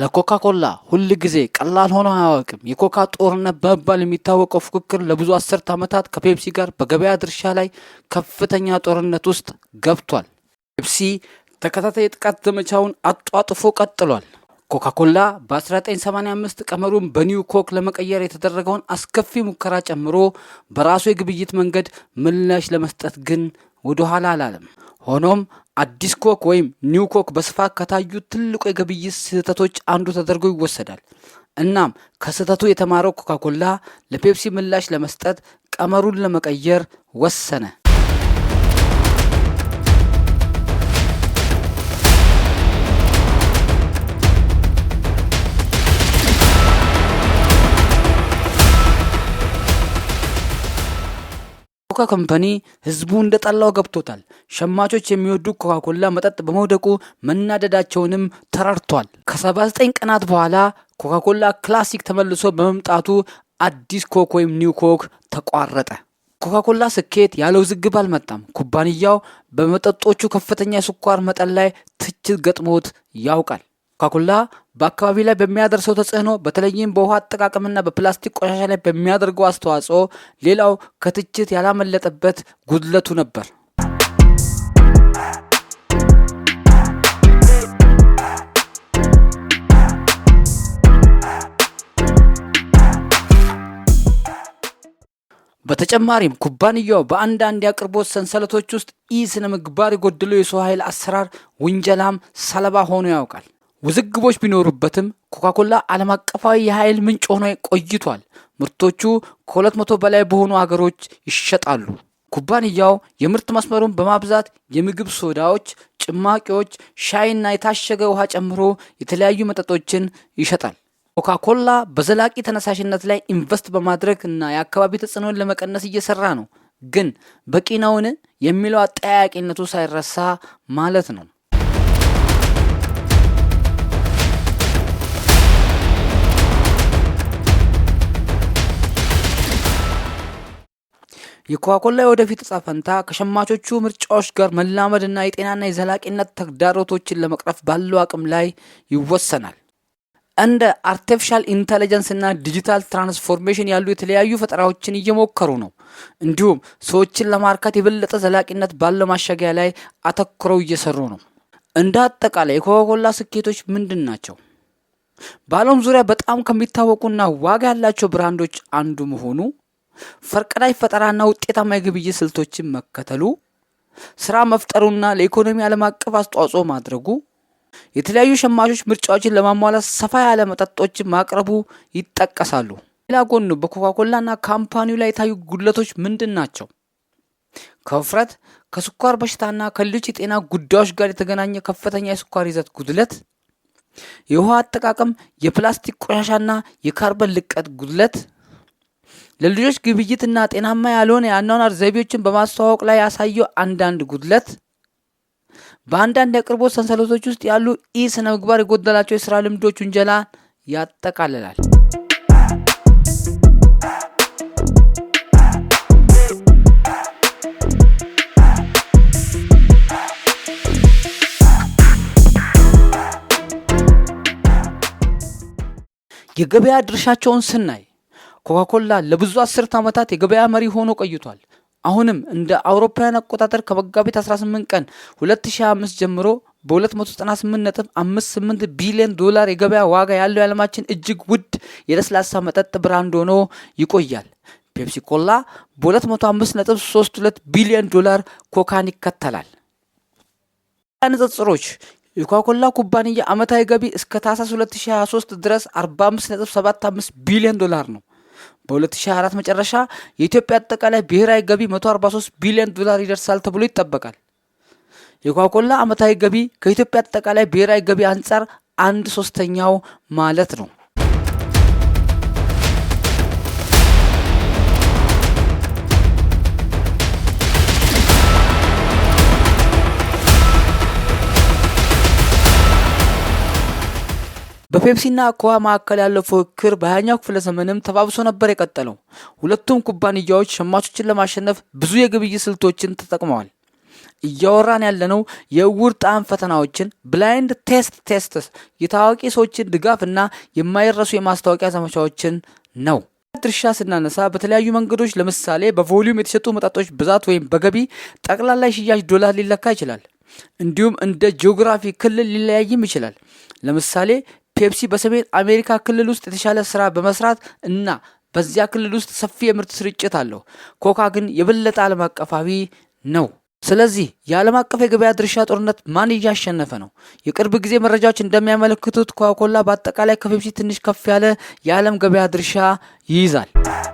ለኮካ ኮላ ሁል ጊዜ ቀላል ሆኖ አያወቅም። የኮካ ጦርነት በመባል የሚታወቀው ፉክክር ለብዙ አስርት ዓመታት ከፔፕሲ ጋር በገበያ ድርሻ ላይ ከፍተኛ ጦርነት ውስጥ ገብቷል። ፔፕሲ ተከታታይ የጥቃት ዘመቻውን አጧጥፎ ቀጥሏል። ኮካ ኮላ በ1985 ቀመሩን በኒው ኮክ ለመቀየር የተደረገውን አስከፊ ሙከራ ጨምሮ በራሱ የግብይት መንገድ ምላሽ ለመስጠት ግን ወደኋላ አላለም። ሆኖም አዲስ ኮክ ወይም ኒው ኮክ በስፋት ከታዩ ትልቁ የግብይት ስህተቶች አንዱ ተደርጎ ይወሰዳል። እናም ከስህተቱ የተማረው ኮካኮላ ለፔፕሲ ምላሽ ለመስጠት ቀመሩን ለመቀየር ወሰነ። ኮካ ኮምፓኒ ህዝቡ እንደጠላው ገብቶታል። ሸማቾች የሚወዱ ኮካኮላ መጠጥ በመውደቁ መናደዳቸውንም ተራርቷል። ከ79 ቀናት በኋላ ኮካኮላ ክላሲክ ተመልሶ በመምጣቱ አዲስ ኮክ ወይም ኒው ኮክ ተቋረጠ። ኮካኮላ ስኬት ያለ ውዝግብ አልመጣም። ኩባንያው በመጠጦቹ ከፍተኛ የስኳር መጠን ላይ ትችት ገጥሞት ያውቃል። ኳኩላ በአካባቢ ላይ በሚያደርሰው ተጽዕኖ በተለይም በውሃ አጠቃቀምና በፕላስቲክ ቆሻሻ ላይ በሚያደርገው አስተዋጽኦ ሌላው ከትችት ያላመለጠበት ጉድለቱ ነበር። በተጨማሪም ኩባንያው በአንዳንድ የአቅርቦት ሰንሰለቶች ውስጥ ኢ ስነ ምግባር የጎደለው የሰው ኃይል አሰራር ውንጀላም ሰለባ ሆኖ ያውቃል። ውዝግቦች ቢኖሩበትም ኮካኮላ ዓለም አቀፋዊ የኃይል ምንጭ ሆኖ ቆይቷል። ምርቶቹ ከ200 በላይ በሆኑ አገሮች ይሸጣሉ። ኩባንያው የምርት መስመሩን በማብዛት የምግብ ሶዳዎች፣ ጭማቂዎች፣ ሻይና የታሸገ ውሃ ጨምሮ የተለያዩ መጠጦችን ይሸጣል። ኮካኮላ በዘላቂ ተነሳሽነት ላይ ኢንቨስት በማድረግ እና የአካባቢ ተጽዕኖን ለመቀነስ እየሰራ ነው። ግን በቂ ነውን የሚለው አጠያያቂነቱ ሳይረሳ ማለት ነው። የኮካኮላ የወደፊት እጣ ፈንታ ከሸማቾቹ ምርጫዎች ጋር መላመድና የጤናና የዘላቂነት ተግዳሮቶችን ለመቅረፍ ባለው አቅም ላይ ይወሰናል። እንደ አርቲፊሻል ኢንተለጀንስ እና ዲጂታል ትራንስፎርሜሽን ያሉ የተለያዩ ፈጠራዎችን እየሞከሩ ነው። እንዲሁም ሰዎችን ለማርካት የበለጠ ዘላቂነት ባለው ማሸጊያ ላይ አተኩረው እየሰሩ ነው። እንደ አጠቃላይ የኮካኮላ ስኬቶች ምንድን ናቸው? በዓለም ዙሪያ በጣም ከሚታወቁና ዋጋ ያላቸው ብራንዶች አንዱ መሆኑ ፈርቀዳጅ ፈጠራና ውጤታማ የግብይት ስልቶችን መከተሉ፣ ስራ መፍጠሩና ለኢኮኖሚ ዓለም አቀፍ አስተዋጽኦ ማድረጉ፣ የተለያዩ ሸማቾች ምርጫዎችን ለማሟላት ሰፋ ያለ መጠጦችን ማቅረቡ ይጠቀሳሉ። ሌላ ጎኑ በኮካኮላና ካምፓኒው ላይ የታዩ ጉድለቶች ምንድን ናቸው? ከውፍረት ከስኳር በሽታና ከሌሎች የጤና ጉዳዮች ጋር የተገናኘ ከፍተኛ የስኳር ይዘት ጉድለት፣ የውሃ አጠቃቀም፣ የፕላስቲክ ቆሻሻና የካርበን ልቀት ጉድለት ለልጆች ግብይትና ጤናማ ያልሆነ የአኗኗር ዘይቤዎችን በማስተዋወቅ ላይ ያሳየው አንዳንድ ጉድለት በአንዳንድ የአቅርቦት ሰንሰለቶች ውስጥ ያሉ ኢ ስነ ምግባር የጎደላቸው የስራ ልምዶች ውንጀላን ያጠቃልላል። የገበያ ድርሻቸውን ስናይ ኮካኮላ ለብዙ አስርት ዓመታት የገበያ መሪ ሆኖ ቆይቷል። አሁንም እንደ አውሮፓውያን አቆጣጠር ከመጋቢት 18 ቀን 2025 ጀምሮ በ 298 58 ቢሊዮን ዶላር የገበያ ዋጋ ያለው የዓለማችን እጅግ ውድ የለስላሳ መጠጥ ብራንድ ሆኖ ይቆያል። ፔፕሲ ኮላ በ 32 ቢሊዮን ዶላር ኮካን ይከተላል። ንጽጽሮች የኮካኮላ ኩባንያ ዓመታዊ ገቢ እስከ ታህሳስ 2023 ድረስ 45.75 ቢሊዮን ዶላር ነው። በ2024 መጨረሻ የኢትዮጵያ አጠቃላይ ብሔራዊ ገቢ 143 ቢሊዮን ዶላር ይደርሳል ተብሎ ይጠበቃል። የኳኮላ ዓመታዊ ገቢ ከኢትዮጵያ አጠቃላይ ብሔራዊ ገቢ አንጻር አንድ ሶስተኛው ማለት ነው። በፔፕሲና ኮዋ መካከል ያለው ፉክክር በሀያኛው ክፍለ ዘመንም ተባብሶ ነበር የቀጠለው። ሁለቱም ኩባንያዎች ሸማቾችን ለማሸነፍ ብዙ የግብይት ስልቶችን ተጠቅመዋል። እያወራን ያለነው የእውር ጣዕም ፈተናዎችን፣ ብላይንድ ቴስት ቴስትስ፣ የታዋቂ ሰዎችን ድጋፍና የማይረሱ የማስታወቂያ ዘመቻዎችን ነው። ድርሻ ስናነሳ በተለያዩ መንገዶች ለምሳሌ በቮሊዩም የተሸጡ መጠጦች ብዛት ወይም በገቢ ጠቅላላ ሽያጭ ዶላር ሊለካ ይችላል። እንዲሁም እንደ ጂኦግራፊ ክልል ሊለያይም ይችላል። ለምሳሌ ፔፕሲ በሰሜን አሜሪካ ክልል ውስጥ የተሻለ ስራ በመስራት እና በዚያ ክልል ውስጥ ሰፊ የምርት ስርጭት አለው። ኮካ ግን የበለጠ ዓለም አቀፋዊ ነው። ስለዚህ የዓለም አቀፍ የገበያ ድርሻ ጦርነት ማን እያሸነፈ ነው? የቅርብ ጊዜ መረጃዎች እንደሚያመለክቱት ኮካኮላ በአጠቃላይ ከፔፕሲ ትንሽ ከፍ ያለ የዓለም ገበያ ድርሻ ይይዛል።